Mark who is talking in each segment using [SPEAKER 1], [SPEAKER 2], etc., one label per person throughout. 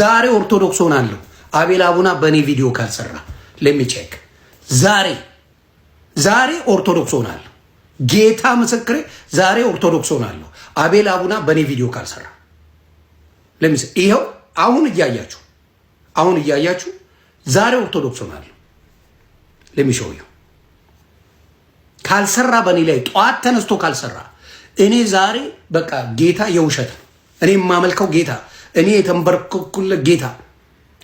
[SPEAKER 1] ዛሬ ኦርቶዶክስ ሆናለሁ አቤል አቡና በእኔ ቪዲዮ ካልሰራ ለሚቼክ ዛሬ ዛሬ ኦርቶዶክስ ሆናለሁ። ጌታ ምስክሬ ዛሬ ኦርቶዶክስ ሆናለሁ አቤል አቡና በእኔ ቪዲዮ ካልሰራ ለሚስ ይኸው አሁን እያያችሁ አሁን እያያችሁ ዛሬ ኦርቶዶክስ ሆናለሁ ለሚሸውየው ካልሰራ በእኔ ላይ ጠዋት ተነስቶ ካልሰራ እኔ ዛሬ በቃ ጌታ የውሸት ነው እኔ የማመልከው ጌታ እኔ የተንበረከኩለት ጌታ፣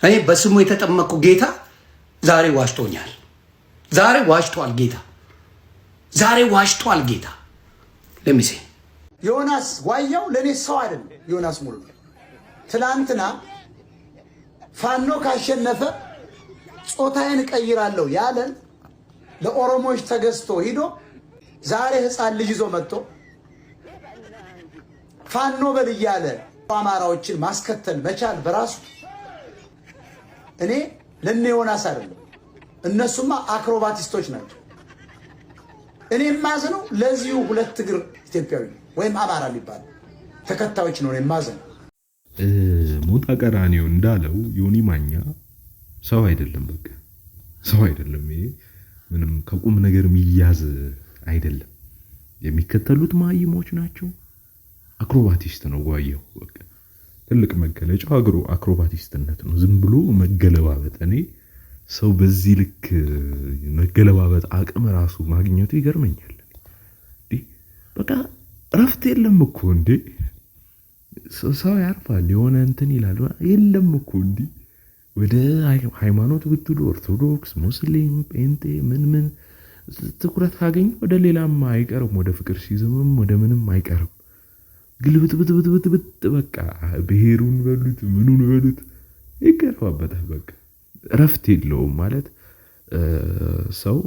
[SPEAKER 1] እኔ በስሙ የተጠመቅኩ ጌታ ዛሬ ዋሽቶኛል። ዛሬ ዋሽቷል ጌታ። ዛሬ ዋሽቷል ጌታ። ለሚሴ ዮናስ ዋያው ለእኔ ሰው አይደለም። ዮናስ ሙሉ ትላንትና ፋኖ ካሸነፈ ጾታዬን እቀይራለሁ ያለን ለኦሮሞዎች ተገዝቶ ሂዶ ዛሬ ህፃን ልጅ ይዞ መጥቶ ፋኖ በል እያለ አማራዎችን ማስከተል መቻል በራሱ እኔ ለእነ ዮናስ አይደለም፣ እነሱማ አክሮባቲስቶች ናቸው። እኔ የማዝነው ለዚሁ ሁለት እግር ኢትዮጵያዊ ወይም አማራ የሚባል ተከታዮች ነው የማዝነው።
[SPEAKER 2] ሞጣ ቀራኔው እንዳለው ዮኒ ማኛ ሰው አይደለም፣ በቃ ሰው አይደለም። ይሄ ምንም ከቁም ነገር የሚያዝ አይደለም። የሚከተሉት ማይሞች ናቸው። አክሮባቲስት ነው ጓየሁ። በቃ ትልቅ መገለጫው አግሮ አክሮባቲስትነት ነው። ዝም ብሎ መገለባበጥ። እኔ ሰው በዚህ ልክ መገለባበጥ አቅም ራሱ ማግኘቱ ይገርመኛል። በቃ እረፍት የለም እኮ እንዴ! ሰው ያርፋል፣ የሆነ እንትን ይላል። የለም እኮ እንዲ ወደ ሃይማኖት ብትሉ ኦርቶዶክስ፣ ሙስሊም፣ ጴንጤ ምን ምን ትኩረት ካገኘ ወደ ሌላም አይቀርም። ወደ ፍቅር ሲዝምም ወደ ምንም አይቀርም። ግልብጥብጥብጥብጥ በቃ ብሔሩን በሉት ምኑን በሉት ይገፋበታል። በቃ እረፍት የለውም ማለት ሰው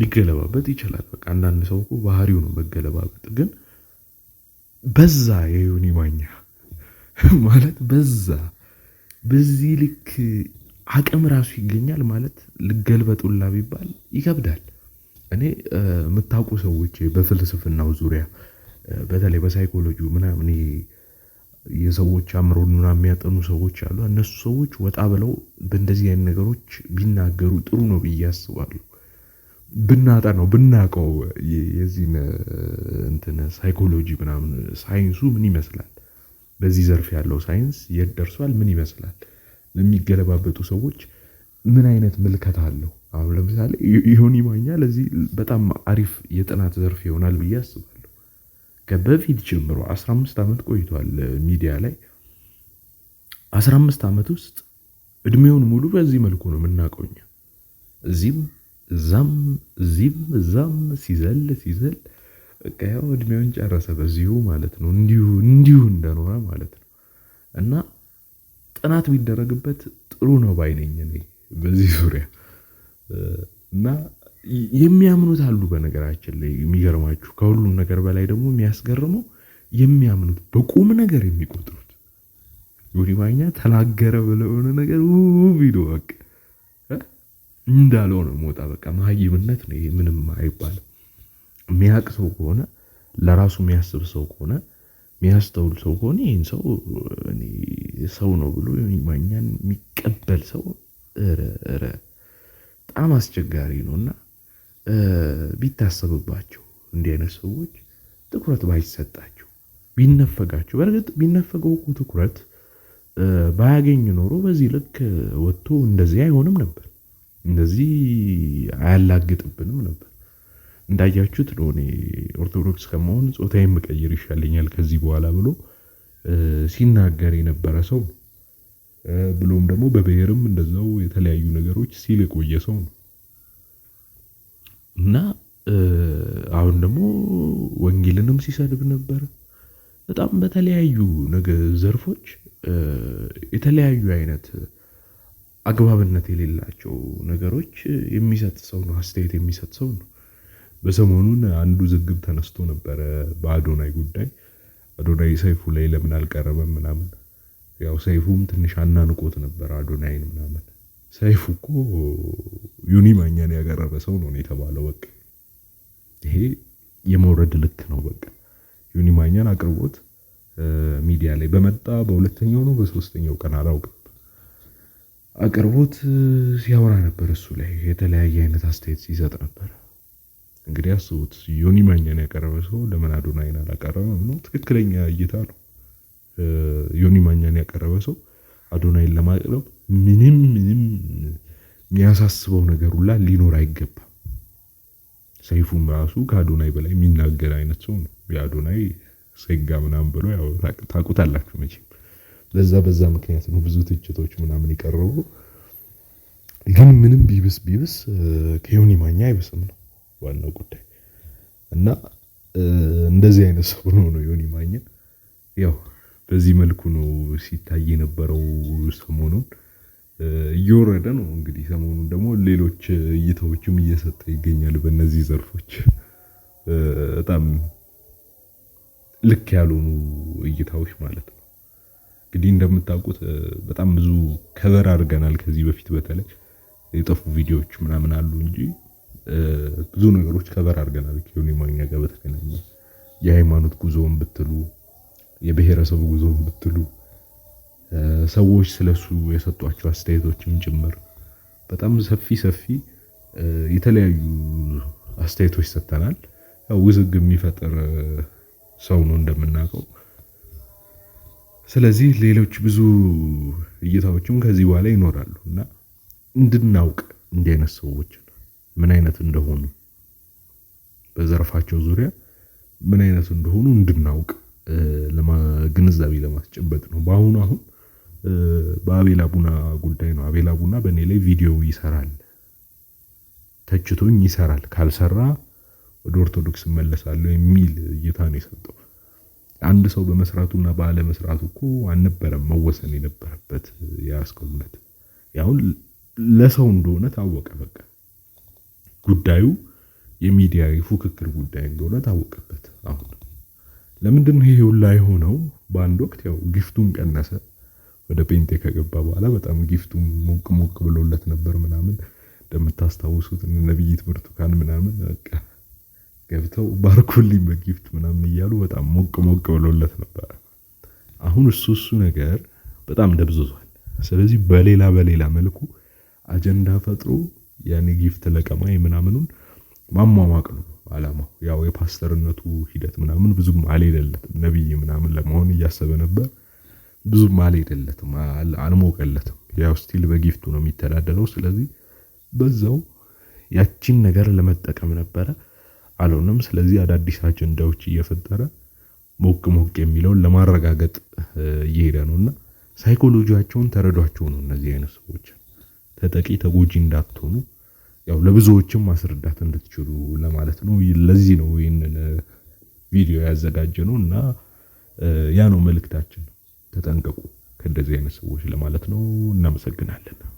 [SPEAKER 2] ሊገለባበት ይችላል። በቃ አንዳንድ ሰው እኮ ባህሪው ነው መገለባበጥ። ግን በዛ የዮኒ ማኛ ማለት በዛ በዚህ ልክ አቅም ራሱ ይገኛል ማለት ልገልበጡላ ቢባል ይከብዳል። እኔ የምታውቁ ሰዎች በፍልስፍናው ዙሪያ በተለይ በሳይኮሎጂ ምናምን የሰዎች አእምሮን ምናምን የሚያጠኑ ሰዎች አሉ። እነሱ ሰዎች ወጣ ብለው በእንደዚህ አይነት ነገሮች ቢናገሩ ጥሩ ነው ብዬ አስባለሁ። ነው ብናቀው የዚህን እንትን ሳይኮሎጂ ምናምን ሳይንሱ ምን ይመስላል፣ በዚህ ዘርፍ ያለው ሳይንስ የት ደርሷል፣ ምን ይመስላል፣ ለሚገለባበጡ ሰዎች ምን አይነት ምልከታ አለው። አሁን ለምሳሌ ዮኒ ማኛ ለዚህ በጣም አሪፍ የጥናት ዘርፍ ይሆናል ብዬ አስባለሁ። ከበፊት ጀምሮ 15 ዓመት ቆይቷል ሚዲያ ላይ። 15 ዓመት ውስጥ እድሜውን ሙሉ በዚህ መልኩ ነው የምናውቀው እኛ እዚህም እዛም እዚህም እዛም ሲዘል ሲዘል በቃ ያው እድሜውን ጨረሰ በዚሁ ማለት ነው። እንዲሁ እንዲሁ እንደኖረ ማለት ነው። እና ጥናት ቢደረግበት ጥሩ ነው ባይነኝ እኔ በዚህ ዙሪያ እና የሚያምኑት አሉ። በነገራችን ላይ የሚገርማችሁ ከሁሉም ነገር በላይ ደግሞ የሚያስገርመው የሚያምኑት በቁም ነገር የሚቆጥሩት ዮኒ ማኛ ተናገረ ብለው ነገር ቪዲዮ በቃ እንዳለው ሞጣ በቃ መሀይምነት ነው ይሄ፣ ምንም አይባልም። የሚያቅ ሰው ከሆነ ለራሱ የሚያስብ ሰው ከሆነ የሚያስተውል ሰው ከሆነ ይህን ሰው ሰው ነው ብሎ ዮኒ ማኛን የሚቀበል ሰው በጣም አስቸጋሪ ነው እና ቢታሰብባቸው እንዲህ አይነት ሰዎች ትኩረት ባይሰጣቸው ቢነፈጋቸው። በእርግጥ ቢነፈገው እኮ ትኩረት ባያገኝ ኖሮ በዚህ ልክ ወጥቶ እንደዚህ አይሆንም ነበር፣ እንደዚህ አያላግጥብንም ነበር። እንዳያችሁት ነው እኔ ኦርቶዶክስ ከመሆን ጾታዬን የምቀይር ይሻለኛል ከዚህ በኋላ ብሎ ሲናገር የነበረ ሰው ብሎም ደግሞ በብሔርም እንደዛው የተለያዩ ነገሮች ሲል የቆየ ሰው ነው። እና አሁን ደግሞ ወንጌልንም ሲሰድብ ነበር። በጣም በተለያዩ ነገር ዘርፎች የተለያዩ አይነት አግባብነት የሌላቸው ነገሮች የሚሰጥ ሰው ነው አስተያየት የሚሰጥ ሰው ነው። በሰሞኑን አንዱ ዝግብ ተነስቶ ነበረ በአዶናይ ጉዳይ አዶናይ ሰይፉ ላይ ለምን አልቀረበም ምናምን ያው ሰይፉም ትንሽ አናንቆት ነበር አዶናይን ምናምን ሰይፉ እኮ ዩኒ ማኛን ያቀረበ ሰው ነው የተባለው። በቃ ይሄ የመውረድ ልክ ነው። በቃ ዩኒ ማኛን አቅርቦት ሚዲያ ላይ በመጣ በሁለተኛው ነው በሶስተኛው ቀን አላውቅም፣ አቅርቦት ሲያወራ ነበር። እሱ ላይ የተለያየ አይነት አስተያየት ሲሰጥ ነበር። እንግዲህ አስቡት፣ ዩኒ ማኛን ያቀረበ ሰው ለምን አዶናይን አላቀረበም ነው? ትክክለኛ እይታ ነው። ዩኒ ማኛን ያቀረበ ሰው አዶናይን ለማቅረብ ምንም ምንም የሚያሳስበው ነገር ሁላ ሊኖር አይገባም። ሰይፉም ራሱ ከአዶናይ በላይ የሚናገር አይነት ሰው ነው። የአዶናይ ሰጋ ምናምን ብሎ ታውቁታላችሁ መቼም። ለዛ በዛ ምክንያት ነው ብዙ ትችቶች ምናምን የቀረቡ። ግን ምንም ቢብስ ቢብስ ከዮኒ ማኛ አይብስም ነው ዋናው ጉዳይ እና እንደዚህ አይነት ሰው ነው ነው ዮኒ ማኛ ያው በዚህ መልኩ ነው ሲታይ የነበረው ሰሞኑን እየወረደ ነው። እንግዲህ ሰሞኑን ደግሞ ሌሎች እይታዎችም እየሰጠ ይገኛል። በእነዚህ ዘርፎች በጣም ልክ ያልሆኑ እይታዎች ማለት ነው። እንግዲህ እንደምታውቁት በጣም ብዙ ከበር አድርገናል ከዚህ በፊት በተለይ የጠፉ ቪዲዮዎች ምናምን አሉ እንጂ ብዙ ነገሮች ከበር አድርገናል። ከዮኒ ማኛ ጋር በተገናኘ የሃይማኖት ጉዞውን ብትሉ የብሔረሰቡ ጉዞ ብትሉ ሰዎች ስለሱ የሰጧቸው አስተያየቶችም ጭምር በጣም ሰፊ ሰፊ የተለያዩ አስተያየቶች ሰጥተናል። ያው ውዝግ የሚፈጥር ሰው ነው እንደምናውቀው። ስለዚህ ሌሎች ብዙ እይታዎችም ከዚህ በኋላ ይኖራሉ እና እንድናውቅ እንዲህ አይነት ሰዎች ምን አይነት እንደሆኑ በዘርፋቸው ዙሪያ ምን አይነት እንደሆኑ እንድናውቅ ግንዛቤ ለማስጨበጥ ነው። በአሁኑ አሁን በአቤላ ቡና ጉዳይ ነው። አቤላ ቡና በእኔ ላይ ቪዲዮ ይሰራል፣ ተችቶኝ ይሰራል፣ ካልሰራ ወደ ኦርቶዶክስ እመለሳለሁ የሚል እይታ ነው የሰጠው። አንድ ሰው በመስራቱና ባለመስራቱ እኮ አልነበረም መወሰን የነበረበት የያዝከው ያሁን ለሰው እንደሆነ ታወቀ። በቃ ጉዳዩ የሚዲያ የፉክክር ጉዳይ እንደሆነ ታወቀበት አሁን ለምንድን ነው ይሄ ሁላ የሆነው? በአንድ ወቅት ያው ጊፍቱም ቀነሰ። ወደ ጴንጤ ከገባ በኋላ በጣም ጊፍቱም ሞቅ ሞቅ ብሎለት ነበር ምናምን እንደምታስታውሱት ነብይት ብርቱካን ምናምን በቃ ገብተው ባርኮልኝ በጊፍት ምናምን እያሉ በጣም ሞቅ ሞቅ ብሎለት ነበር። አሁን እሱ እሱ ነገር በጣም ደብዝዟል። ስለዚህ በሌላ በሌላ መልኩ አጀንዳ ፈጥሮ ያኔ ጊፍት ለቀማ ምናምኑን ማሟሟቅ ነው። አላማው። ያው የፓስተርነቱ ሂደት ምናምን ብዙም አልሄደለትም። ነቢይ ምናምን ለመሆን እያሰበ ነበር፣ ብዙም አልሄደለትም፣ አልሞቀለትም። ያው ስቲል በጊፍቱ ነው የሚተዳደረው። ስለዚህ በዛው ያቺን ነገር ለመጠቀም ነበረ፣ አልሆነም። ስለዚህ አዳዲስ አጀንዳዎች እየፈጠረ ሞቅ ሞቅ የሚለውን ለማረጋገጥ እየሄደ ነው እና ሳይኮሎጂያቸውን ተረዷቸው ነው እነዚህ አይነት ሰዎች ተጠቂ ተጎጂ እንዳትሆኑ ያው ለብዙዎችም ማስረዳት እንድትችሉ ለማለት ነው። ለዚህ ነው ይህንን ቪዲዮ ያዘጋጀ ነው እና ያ ነው መልእክታችን። ተጠንቀቁ ከእንደዚህ አይነት ሰዎች ለማለት ነው። እናመሰግናለን።